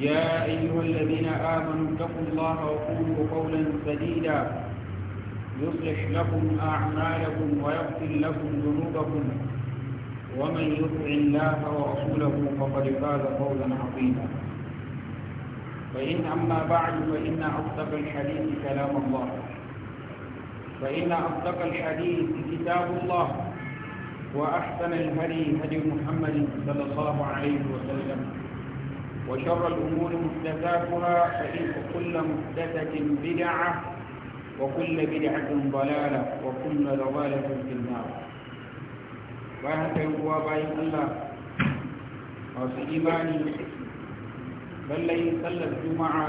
يا أيها الذين آمنوا اتقوا الله وقولوا قولا سديدا يصلح لكم أعمالكم ويغفر لكم ذنوبكم ومن يطع الله ورسوله فقد فاز قولا عظيما فإن أما بعد فإن أصدق الحديث كلام الله فإن أصدق الحديث كتاب الله وأحسن الهدي هدي محمد صلى الله عليه وسلم وشر الأمور محدثاتها فإن كل محدثة بدعة وكل بدعة ضلالة وكل ضلالة في النار وهكذا هو باي الله وفي إيماني بل لن يصلى الجمعة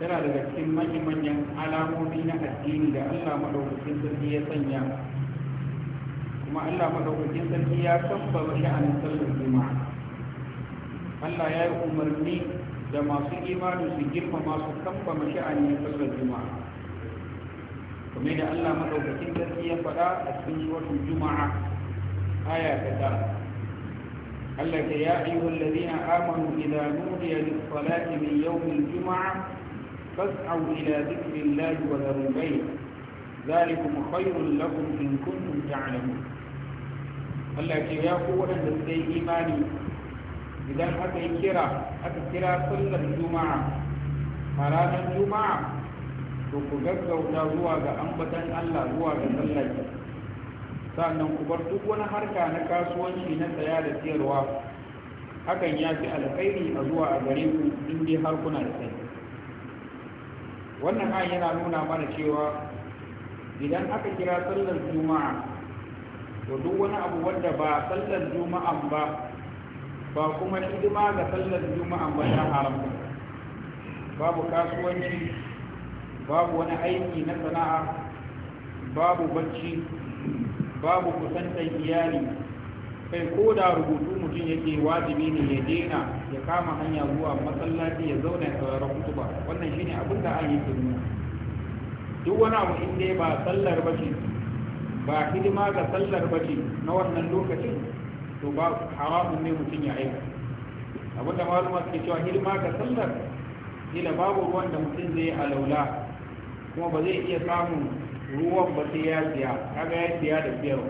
ثلاثة لك سمة من على دين الدين إذا الله مدعو في سنية صنية كما الله مدعو في سنية صنية صنية صنية صنية الله يا عمرني دما سيكي ما دو فما سكم فما شعني فصل الجمعة فمين الله مدو فتن تركيا فلا أسفن سورة الجمعة آية كتا الله يا أيها الذين آمنوا إذا نودي للصلاة من يوم الجمعة فاسعوا إلى ذكر الله وذروا البيع ذلكم خير لكم إن كنتم تعلمون الله يا قوة الذين إيمانوا idan aka yi kira aka kira sallar juma'a a ranar juma'a to ku gaggauta zuwa ga ambatan Allah zuwa ga sallar sannan ku bar duk wani harka na kasuwanci na saya da siyarwa hakan ya fi alkhairi a zuwa a gare ku in dai har kuna da kai wannan ayan yana nuna mana cewa idan aka kira sallar juma'a to duk wani abu wanda ba sallar juma'a ba ba kuma hidima ga sallar juma'a ba ta ba. babu kasuwanci babu wani aiki na sana'a babu bacci babu kusantar iyali kai ko da rubutu mutum yake wajibi ne ya dena ya kama hanya zuwa masallaci ya zauna ya saurara kutuba wannan shine abin da an yi duk wani abu in ba sallar bace ba hidima ga sallar bace na wannan lokacin to ba haramun ne mutum ya aika abinda maluma suke cewa hirma ga sallar kila babu ruwan da mutum zai yi alaula kuma ba zai iya samun ruwan ba sai ya siya kaga ya siya da siyarwa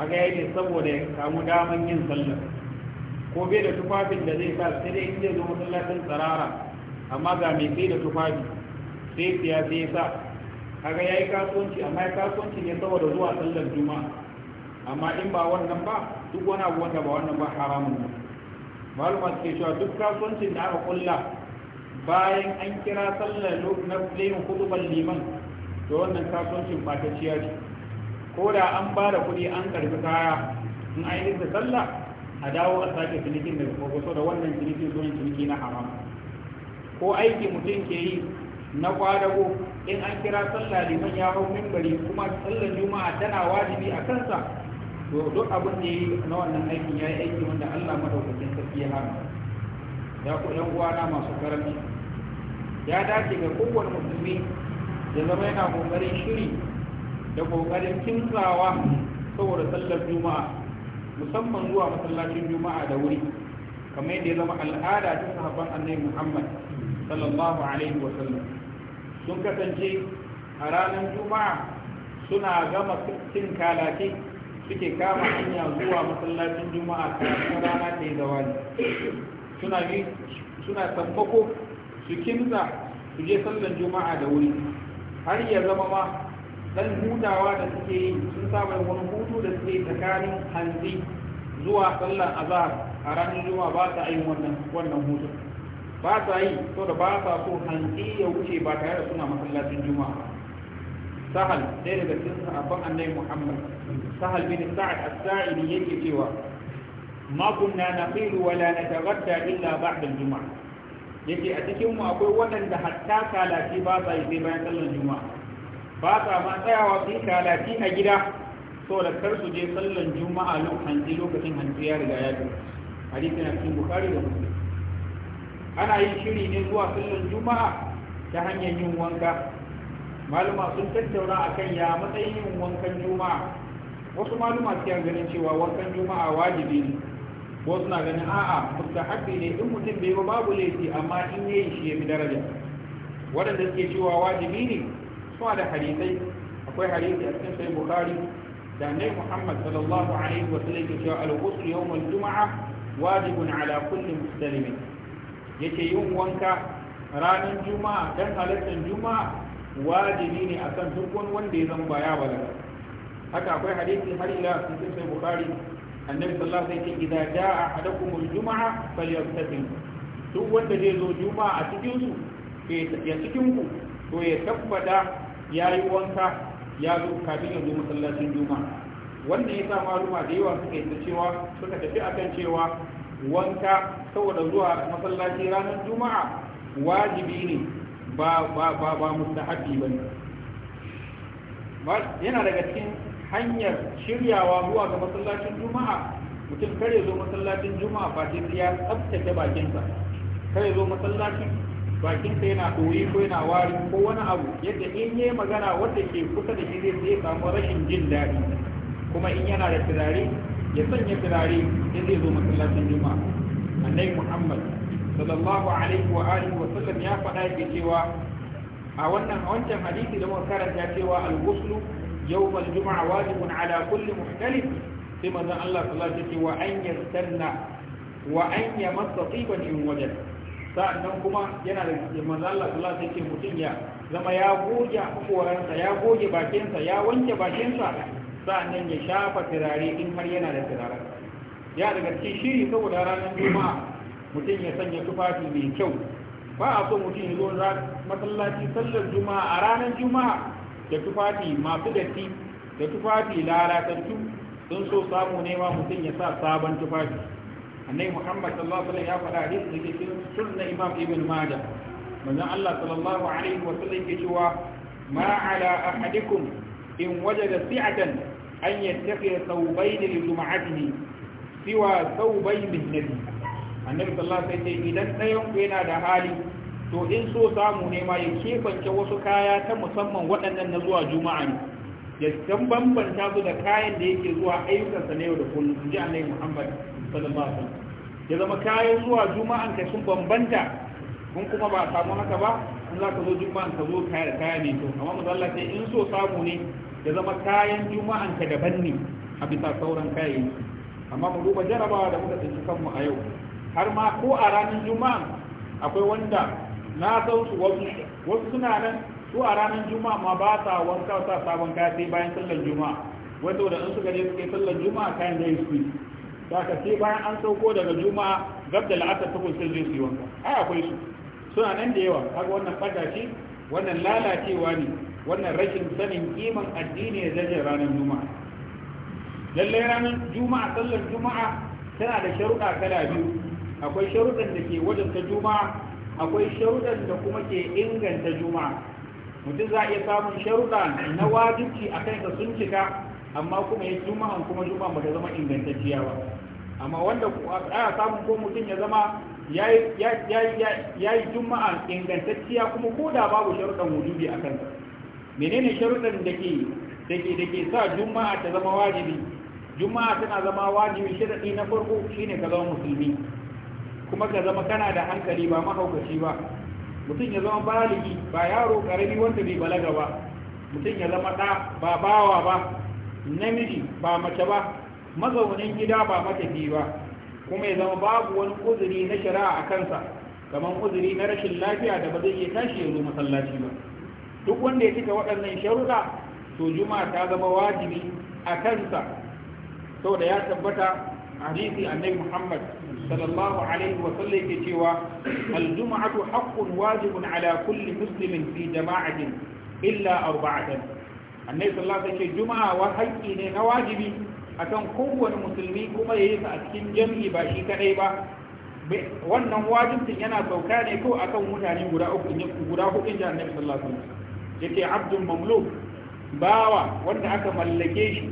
kaga ya ce saboda ya samu daman yin sallar ko bai da tufafin da zai sa sai dai inda zo masallacin tsarara amma ga mai sai da tufafi sai siya sai ya sa kaga ya yi kasuwanci amma ya kasuwanci ne saboda zuwa sallar juma'a amma in ba wannan ba duk wani abu wanda ba wannan ba haramun ne maluma suke cewa duk kasuwancin da aka kulla bayan an kira sallar na layin kutuban liman da wannan kasuwancin ɓatacciya ce ko da an ba da kuɗi an karfi kaya in an yi da sallah a dawo a sake cinikin da kusa da wannan cinikin zuwa ciniki na haram ko aiki mutum ke yi na kwadago in an kira sallah liman ya hau mimbari kuma sallar juma'a tana wajibi a kansa to duk abin da yi na wannan aikin ya yi aiki wanda Allah madaukakin sarki ya hana ya ku uwana masu karami ya dace ga kowane musulmi ya zama yana kokarin shiri da kokarin kimtsawa saboda sallar juma'a musamman zuwa masallacin juma'a da wuri kamar yadda ya zama al'ada ta sahabban annabi Muhammad sallallahu alaihi wa sallam sun kasance a ranar juma'a suna gama cin kalake suke kama hanya zuwa masallacin juma'a kafin rana ta yi zawali suna yi suna tambako su kimza su je sallan juma'a da wuri har ya zama ma dan hutawa da suke yi sun saba wani hutu da suke tsakanin hanzi zuwa sallan azhar a ranar juma'a ba ta yin wannan wannan hutu ba ta yi saboda ba ta so hanzi ya wuce ba tare da suna masallacin juma'a sahal ɗaya daga cikin sahabban annabi muhammad sahal bin sa'ad as-sa'idi yake cewa ma kunna naqilu wa la nataghadda illa ba'da al-jum'a yake a cikin mu akwai waɗanda hatta kalaci ba sa yi sai bayan sallar juma'a ba sa ma tsayawa su kalaci a gida saboda kar su je sallar juma'a lokacin lokacin hanzu ya riga ya tafi hadisi na cikin bukhari da muslim ana yin shiri ne zuwa sallar juma'a ta hanyar yin wanka maluma sun tattauna a kan ya matsayin yin wankan juma'a wasu maluma suke ganin cewa wankan juma'a wajibi ne wasu na ganin a'a mustahabbi ne in mutum bai ba babu laifi amma in yayi shi ya fi daraja waɗanda suke cewa wajibi ne suna da hadisai akwai hadisi a cikin sai bukhari da annabi muhammad sallallahu alaihi wa sallam ke cewa al-ghusl yawm al-jum'a wajibun ala kulli muslimin yake yin wanka ranar juma'a dan halattar juma'a wajibi ne akan duk wani wanda ya zama baya balaga haka akwai hadisi har ila cikin sai bukari annabi sallallahu alaihi wasallam idan jaa ahadakum al-jum'a duk wanda zai zo juma'a a cikin su ya cikin ku to ya tabbata yi wanka ya zo kafin ya zo masallacin juma'a Wanda ya sa maluma da yawa suka yi cewa suka tafi akan cewa wanka saboda zuwa masallaci ranar juma'a wajibi ne ba ba ba ba mustahabi bane ba yana daga cikin hanyar shiryawa zuwa ga masallacin juma'a mutum kare zo masallacin juma'a ba sai ya tsabtace bakinsa kare zo masallacin bakinsa yana ɗoyi ko yana wari ko wani abu yadda in yi magana wanda ke kusa da shi zai sai samu rashin jin daɗi kuma in yana da turare ya sanya turare in zai zo masallacin juma'a annabi muhammad sallallahu alaihi wa alihi wa sallam ya faɗa yake cewa a wannan a wancan hadisi da muka karanta cewa al-ghuslu yawm al-jum'a wajibun ala kulli muhtalif sai manzon Allah sallallahu alaihi wa an yastanna wa an yamassa tiban in wajada sa'annan kuma yana da manzon Allah sallallahu alaihi wa mutum ya zama ya goge hakoransa ya goge bakinsa ya wanke bakinsa sa'annan ya shafa turare in har yana da turare ya daga cikin shiri saboda ranar juma'a mutum ya sanya tufafi mai kyau ba a so mutum ya zo masallaci sallar juma'a a ranar juma'a da tufafi masu datti da tufafi lalatattu sun so samu nema mutum ya sa sabon tufafi annai muhammad sallallahu alaihi ya faɗa hadisi da ke cikin sunna imam ibn majah manzon allah sallallahu alaihi wa sallam ke cewa ma ala ahadikum in wajada si'atan an yattakhidha thawbayn li jum'atihi siwa thawbayn min annabi sallallahu alaihi wasallam idan dayan ku yana da hali to in so samu ne ma ya kebance wasu kaya ta musamman waɗannan na zuwa juma'a ne ya san bambanta su da kayan da yake zuwa sa na yau da kullum ji annabi muhammad sallallahu alaihi wasallam ya zama kayan zuwa juma'a ka sun bambanta kun kuma ba a samu haka ba in za ka zo juma'a ka zo kaya da kaya ne kyau amma musalla zalla sai in so samu ne ya zama kayan juma'a ka daban ne a bisa sauran kayayyaki amma mu duba jarabawa da muka tsinci kanmu a yau har ma ko a ranar juma'a akwai wanda na san su wasu wasu suna nan su a ranar juma'a ma ba sa wanka sa sabon kaya sai bayan sallar juma'a wanda da su suka suke sallar juma'a kayan da su ka sai bayan an sauko daga juma'a gab da la'asar ta kun sai su yi wanka ai akwai su suna nan da yawa kaga wannan ce wannan lalacewa ne wannan rashin sanin kiman addini ya zaje ranar juma'a lallai ranar juma'a sallar juma'a tana da sharuɗa kala biyu akwai sharuɗan da ke ta juma'a akwai sharuɗan da kuma ke inganta juma'a mutum za a iya samun sharuɗa na wajibci a kai sun cika amma kuma ya juma'an kuma juma'a ta zama ingantacciya ba amma wanda ya samun ko mutum ya zama ya yi juma'a ingantacciya kuma ko da babu sharuɗan wujubi a kansa menene sharuɗan da ke da ke sa juma'a ta zama wajibi juma'a tana zama wajibi sharaɗi na farko shine ka zama musulmi kuma ka zama kana da hankali ba mahaukaci ba mutum ya zama baligi ba yaro karami wanda bai balaga ba mutum ya zama ɗa ba bawa ba namiji ba mace ba mazaunin gida ba matafi ba kuma ya zama babu wani uzuri na shari'a a kansa kamar uzuri na rashin lafiya da ba zai iya tashi ya zo masallaci ba duk wanda ya cika waɗannan sharuɗa to juma ta zama wajibi a kansa saboda ya tabbata hadisi annabi muhammad sallallahu alaihi wa sallam yake cewa al-jum'atu haqqun wajibun ala kulli muslimin fi jama'atin illa arba'atan annabi sallallahu alaihi juma'a wa haƙƙi ne na wajibi akan kowane musulmi kuma yayi sa a cikin jami'i ba shi kadai ba wannan wajibin yana sauka ne ko akan mutane guda uku ne guda da annabi sallallahu alaihi wasallam yake abdul mamluk bawa wanda aka mallake shi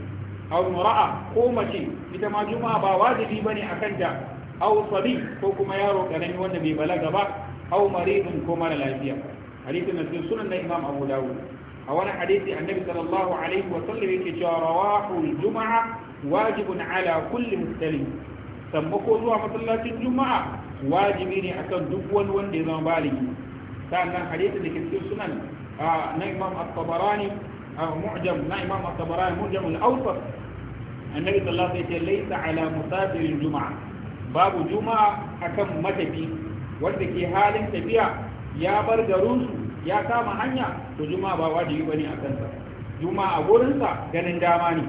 aw mura'a ko mace ita ma juma'a ba wajibi bane akan ta aw sabi ko kuma yaro karami wanda bai balaga ba aw maridun ko mara lafiya hadisin na cikin sunan na imam abu dawud a wani hadisi annabi sallallahu alaihi wa sallam yake cewa rawahul juma'a wajibun ala kulli muslim sammako zuwa masallacin juma'a wajibi ne akan duk wani wanda ya zama baligi sannan hadisin da ke cikin sunan na imam at-tabarani mu'jam na imam at-tabarani mu'jam al-awsat annabi sallallahu alaihi wa sallam laysa ala babu juma'a akan matafi wanda ke halin tafiya ya bar garinsu ya kama hanya to juma'a ba yi bane a kansa juma'a a gurinsa ganin dama ne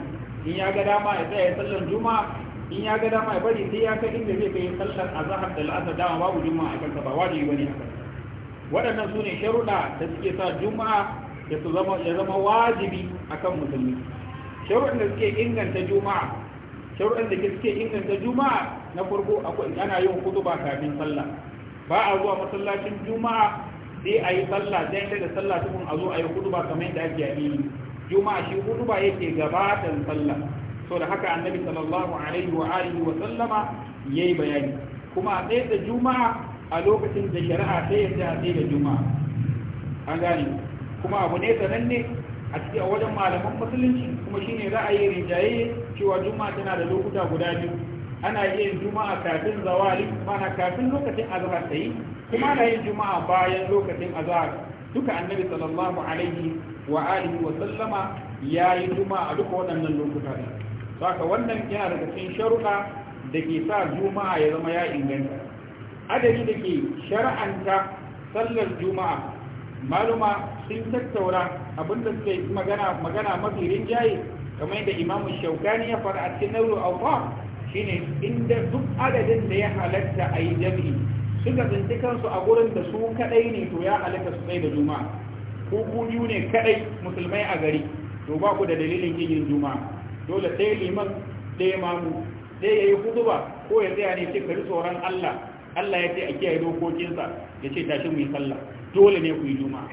in ya ga dama ya tsaya sallar juma'a in ya ga dama ya bari sai ya kai inda zai kai sallar azhar da al'asar dama babu juma'a a kansa ba yi bane a kansa waɗannan su ne sharuɗa da suke sa juma'a ya su zama ya zama wajibi akan musulmi sharuɗin da suke inganta juma'a sharuɗin da suke inganta juma'a na farko akwai ana yin kutuba kafin sallah ba a zuwa masallacin juma'a sai a yi sallah sai da sallah tukun a zo a yi kutuba kamar yadda ake yi juma'a shi kutuba yake gabatar sallah so da haka annabi sallallahu alaihi wa alihi wa sallama yayi bayani kuma a tsaye da juma'a a lokacin da shari'a ta yadda a tsaye da juma'a an gane kuma abu ne sananne a cikin wajen malaman musulunci kuma shine ra'ayi rijaye cewa juma'a tana da lokuta guda biyu ana yin juma'a kafin zawali mana kafin lokacin azhar ta yi kuma ana yin juma'a bayan lokacin azhar duka annabi sallallahu alaihi wa alihi wa sallama ya yi juma'a a duka waɗannan lokuta ne saka wannan yana daga cikin sharuɗa da ke sa juma'a ya zama ya inganta adadi da ke shar'anta sallar juma'a maluma sun tattaura abinda suke magana magana mafi rinjaye kamar yadda imamu shaukani ya fara a cikin nauru shine inda duk adadin da ya halatta a yi jami'i suka tsinci kansu a gurin da su kadai ne to ya halatta su tsaye da juma'a ko ku ne kadai musulmai a gari to ba ku da dalilin yin juma'a dole sai liman ɗaya mamu sai ya yi huduba ko ya tsaya ne ce kari tsoron Allah Allah ya ce a kiyaye dokokinsa ya ce tashi mu yi sallah dole ne ku yi juma'a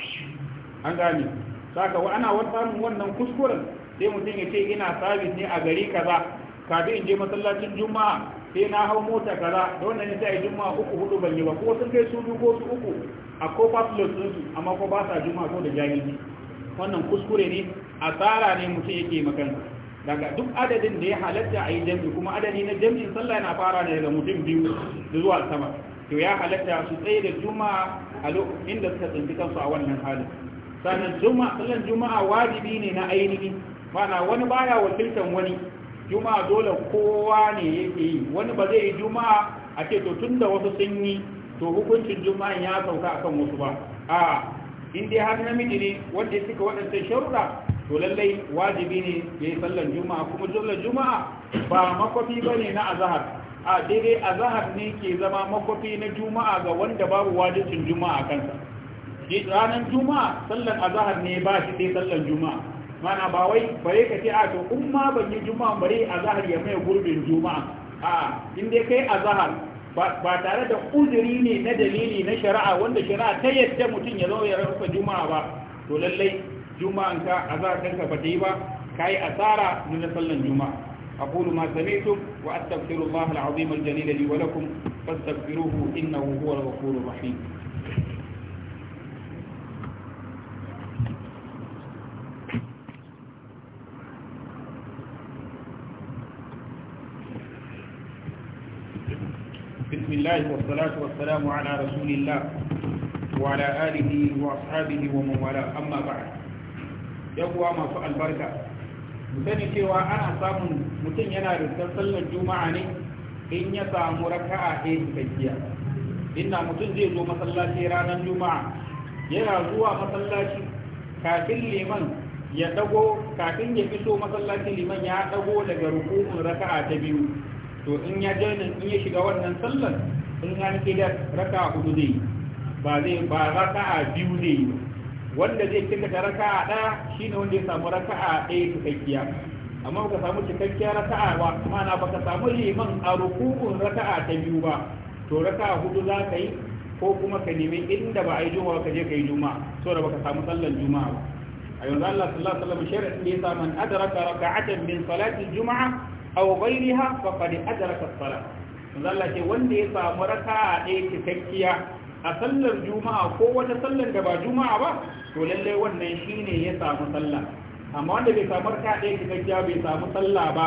an gane saka wa ana wata wannan kuskuren sai mutum ya ce ina sabis ne a gari kaza kafin in je masallacin juma'a sai na hau mota kaza da wannan ya sai juma'a uku hudu ban yi ba ko sun kai su biyu ko su uku a ko din su amma ko ba sa juma'a ko da jahilci wannan kuskure ne asara ne mutum yake makan daga duk adadin da ya halatta a yi jami'i kuma adadi na jami'in sallah yana fara ne daga mutum biyu da zuwa sama to ya halatta su tsaye da juma'a a inda suka tsinci kansu a wannan halin sannan juma'a sallan juma'a wajibi ne na ainihi ma'ana wani baya wakiltan wani juma'a dole kowa ne yake yi wani ba zai yi juma'a a ce to tunda wasu sun yi to hukuncin juma'a ya sauka akan wasu ba a in dai har namiji ne wanda ya cika waɗancan sharuɗa to lallai wajibi ne ya yi sallan juma'a kuma sallan juma'a ba makwafi ba ne na azahar a daidai azahar ne ke zama makwafi na juma'a ga wanda babu wajibcin juma'a kansa ranar juma'a sallan azahar ne ba shi sai sallan juma'a mana ba wai bare ka ce a to in ma ban yi juma'a bare a zahar ya mai gurbin juma'a a in dai kai a zahar ba tare da uzuri ne na dalili na shari'a wanda shari'a ta yadda mutum ya zo ya rufe juma'a ba to lallai juma'an ka a zahar ɗinka ba ta yi ba ka yi asara na sallan juma'a أقول ما سمعتم وأستغفر الله العظيم الجليل لي ولكم فاستغفروه إنه هو الغفور الرحيم الله والصلاة والسلام على رسول الله وعلى آله وأصحابه ومن والاه أما بعد يقوى ما سؤال بركة musani cewa ana samun mutum yana rikitar sallar juma'a ne in ya samu raka'a ɗaya cikakkiya inda mutum zai zo masallaci ranar juma'a yana zuwa masallaci kafin ya dago kafin iso masallaci liman ya dago daga ruku'un raka'a ta biyu to in ya je in ya shiga wannan sallar in nake da raka hudu zai ba zai ba raka'a biyu zai wanda zai cika da raka'a ɗaya shine wanda ya samu raka'a ɗaya cikakkiya amma ka samu cikakkiyar raka'a ba mana baka samu liman a rukukun raka'a ta biyu ba to raka'a hudu za ka yi ko kuma ka nemi inda ba a yi juma'a ka je ka yi juma'a saboda baka samu sallar juma'a ba a yanzu Allah sallallahu alaihi wasallam shari'a ne ya sa man adraka raka'atan min salati juma'a aw ghayriha faqad adraka as salat Allah ce wanda ya samu raka'a ɗaya cikakkiya a sallar juma'a ko wata sallar da ba juma'a ba to lalle wannan shine ya samu sallah amma wanda bai samu raka'a ɗaya cikakkiya bai samu sallah ba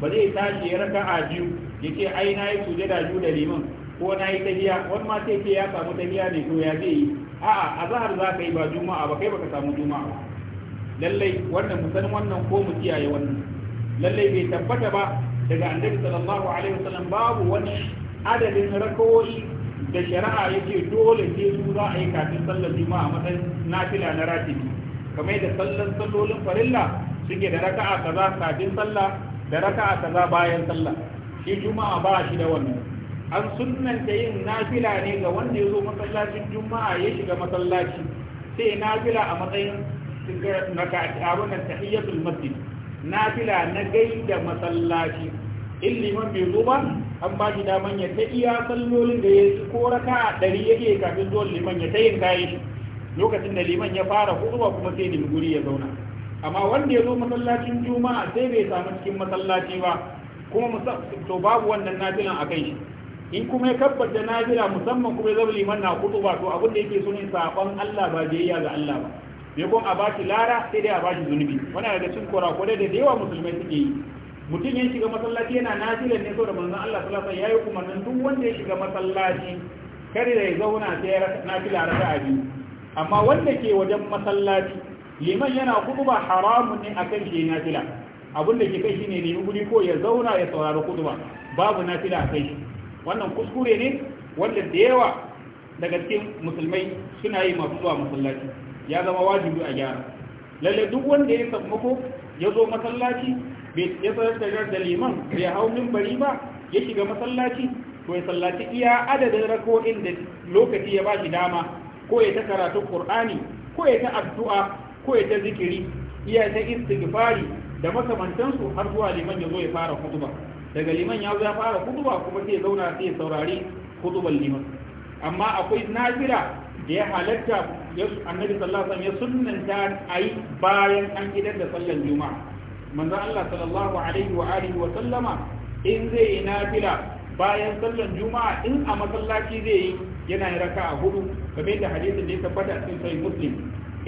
ba zai tashi ya raka'a biyu yace ai nayi sujada biyu da liman ko na yi tahiya wani ma sai ce ya samu tahiya ne to ya zai yi a'a azhar za ka yi ba juma'a ba kai baka samu juma'a ba lallai wannan mu san wannan ko mu kiyaye wannan lalle bai tabbata ba daga annabi sallallahu alaihi wasallam babu wani adadin rakawoyi da shari'a yake dole sai su za a yi kafin sallar juma'a matsayin nafila na ratibi kamar yadda sallar sallolin farilla suke da raka'a kaza kafin sallah da raka'a kaza bayan sallah shi juma'a ba shi da wannan an sunnanta yin nafila ne ga wanda ya zo masallacin juma'a ya shiga masallaci sai nafila a matsayin eh, abin nan tahiyyatul masjid nafila na gaida masallaci in liman bai zo ba an ba shi daman ya ta iya sallolin da ya yi ko raka ɗari yake kafin zuwan liman ya ta yin shi lokacin da liman ya fara hutuba kuma sai da guri ya zauna amma wanda ya zo masallacin juma'a sai bai samu cikin masallaci ba kuma to babu wannan nafilan a kai shi in kuma ya kabbata nafila musamman kuma ya zama liman na ba to abin da yake sunin saƙon Allah ba biyayya ga Allah ba me kon a baki lara sai dai a bashi zunubi wannan daga cikin kurakurai da da yawa musulmai suke yi mutum ya shiga masallaci yana nafilan ne saboda manzon Allah sallallahu alaihi wasallam yayi kuma duk wanda ya shiga masallaci kare ya zauna sai ya nafila raka'a biyu amma wanda ke wajen masallaci liman yana kutuba haramun ne akan shi nafila abin da ke kai shine ne guri ko ya zauna ya saurari kutuba babu nafila kai wannan kuskure ne wanda da yawa daga cikin musulmai suna yi masu zuwa masallaci ya zama wajibi a gyara lalle duk wanda ya sammako ya zo masallaci ya tsarkar da liman bai hau mimbari ba ya shiga masallaci Ko ya sallaci iya adadin rako'in da lokaci ya ba shi dama ko ya ta karatun qur'ani ko ya ta addu'a ko ya ta zikiri iya ta istighfari da makamantansu har zuwa liman ya zo ya fara khutba daga liman ya zo ya fara khutba kuma sai ya zauna sai ya saurari khutban liman amma akwai nafila da ya halatta annabi sallallahu alaihi wasallam ya sunnanta ayi bayan an gidan da sallan juma'a manzo Allah sallallahu alaihi wa alihi wa sallama in zai yi nafila bayan sallan juma'a in a masallaci zai yi yana yin raka'a hudu kamar yadda hadisin da ya tabbata a cikin sahih muslim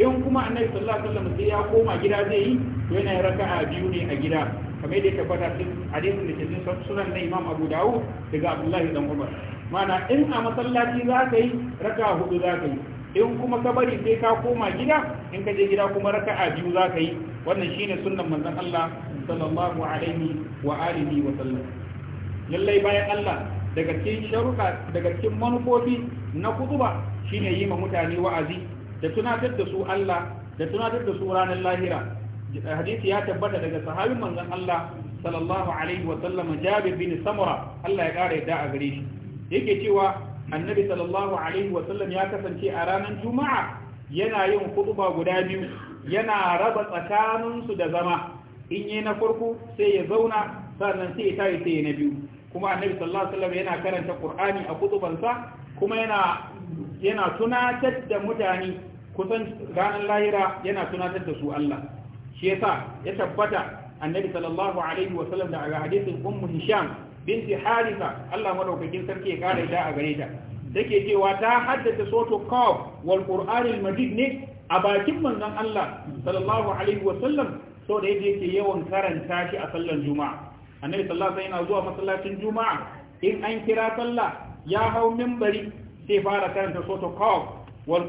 in kuma annabi sallallahu alaihi wasallam sai ya koma gida zai yi to yana yin raka'a biyu ne a gida kamar yadda ya tabbata a cikin hadisin da ke cikin sunan na Imam Abu Dawud daga Abdullahi dan Umar mana in a masallaci za ka yi raka hudu za ka yi in kuma ka bari sai ka koma gida in ka je gida kuma raka a biyu za ka yi wannan shine sunan manzon Allah sallallahu alaihi wa alihi wa sallam lallai bayan Allah daga cikin sharuka daga cikin manufofi na kutuba shine yi ma mutane wa'azi da tunatar da su Allah da tunatar da su ranar lahira hadisi ya tabbata daga sahabin manzan Allah sallallahu alaihi wa sallam Jabir bin Samura Allah ya kare da a gare shi yake cewa annabi sallallahu alaihi wasallam ya kasance a ranar juma'a yana yin khutba guda biyu yana raba tsakaninsu da zama in yi na farko sai ya zauna sannan sai ya tayi sai ya na biyu kuma annabi sallallahu alaihi wasallam yana karanta qur'ani a khutbansa kuma yana yana tunatar da mutane kusan ranar lahira yana tunatar da su Allah shi yasa ya tabbata annabi sallallahu alaihi wasallam da hadisin ummu hisham binti harisa Allah madaukakin sarki ya kara ita a gare ta take cewa ta haddata soto kawab wal majid ne a bakin manzon Allah sallallahu alaihi wa sallam so da yake yawan karanta shi a sallar juma'a annabi sallallahu alaihi yana zuwa masallacin juma'a in an kira sallah ya hau minbari sai fara karanta soto kawab wal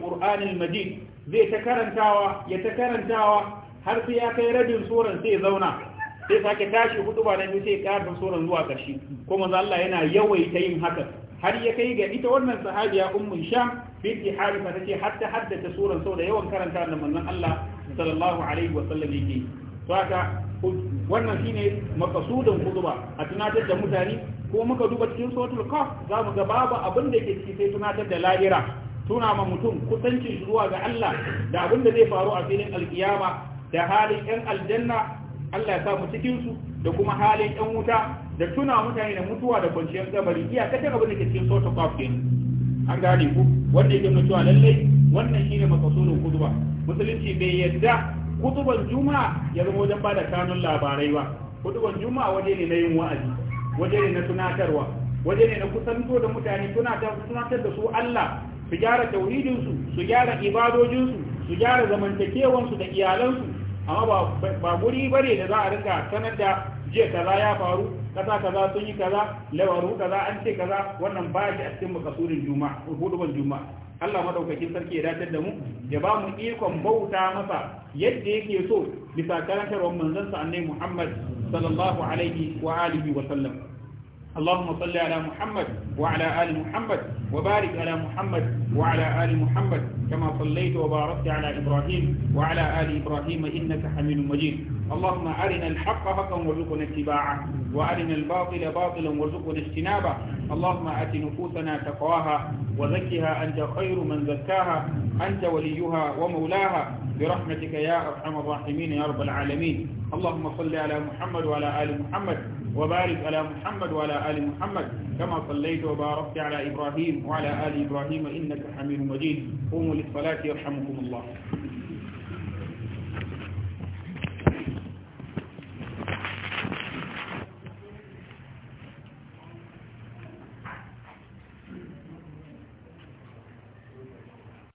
majid zai ta karantawa ya ta karantawa har sai ya kai rabin suran sai zauna sai sake tashi hudu ba na biyu sai ƙarin suran zuwa karshe ko manzo Allah yana yawaita yin haka har ya kai ga ita wannan sahabiya ummu sham binti harifa tace hatta suran sau da yawan karanta da manzon Allah sallallahu alaihi wa sallam yake to haka wannan shine makasudin kuduba a tunatar da mutane ko muka duba cikin suratul kaf za mu ga babu abin da yake ciki sai tunatar da lahira tuna ma mutum kusancin zuwa ga Allah da abin da zai faru a filin alkiyama da halin yan aljanna Allah ya sa mu cikin su da kuma halin ɗan wuta da tuna mutane da mutuwa da kwanciyar gabari iya kace abin da ke cikin sota qaf din an gane ku wanda yake mutuwa lalle wannan shine makasudin kutuba musulunci bai yadda kutuban juma'a ya zama wajen bada kanun labarai ba kutuban juma'a waje ne na yin wa'azi waje ne na tunatarwa waje ne na kusanto da mutane tunatar da su Allah su gyara tauhidinsu su gyara ibadojinsu su gyara zamantakewansu da iyalansu amma ba guri ne da za a rinka sanar da jiya kaza ya faru kaza kaza sun yi kaza lawaru kaza an ce kaza wannan ba shi a cikin makasurin juma'a hudubar juma'a Allah madaukakin sarki ya dace da mu ya ba mu ikon bauta masa yadda yake so bisa karantarwar manzon sa annabi Muhammad sallallahu alaihi wa alihi wa sallam اللهم صل على محمد وعلى wa محمد وبارك على محمد وعلى آل محمد كما صليت وباركت على إبراهيم وعلى آل إبراهيم إنك حميد مجيد اللهم أرنا الحق حقا وارزقنا اتباعه وأرنا الباطل باطلا وارزقنا اجتنابه اللهم آت نفوسنا تقواها وزكها أنت خير من زكاها أنت وليها ومولاها برحمتك يا أرحم الراحمين يا رب العالمين اللهم صل على محمد وعلى آل محمد وبارك على محمد وعلى آل محمد كما صليت وباركت على إبراهيم وعلى آل إبراهيم إنك حميد مجيد قوموا للصلاة يرحمكم الله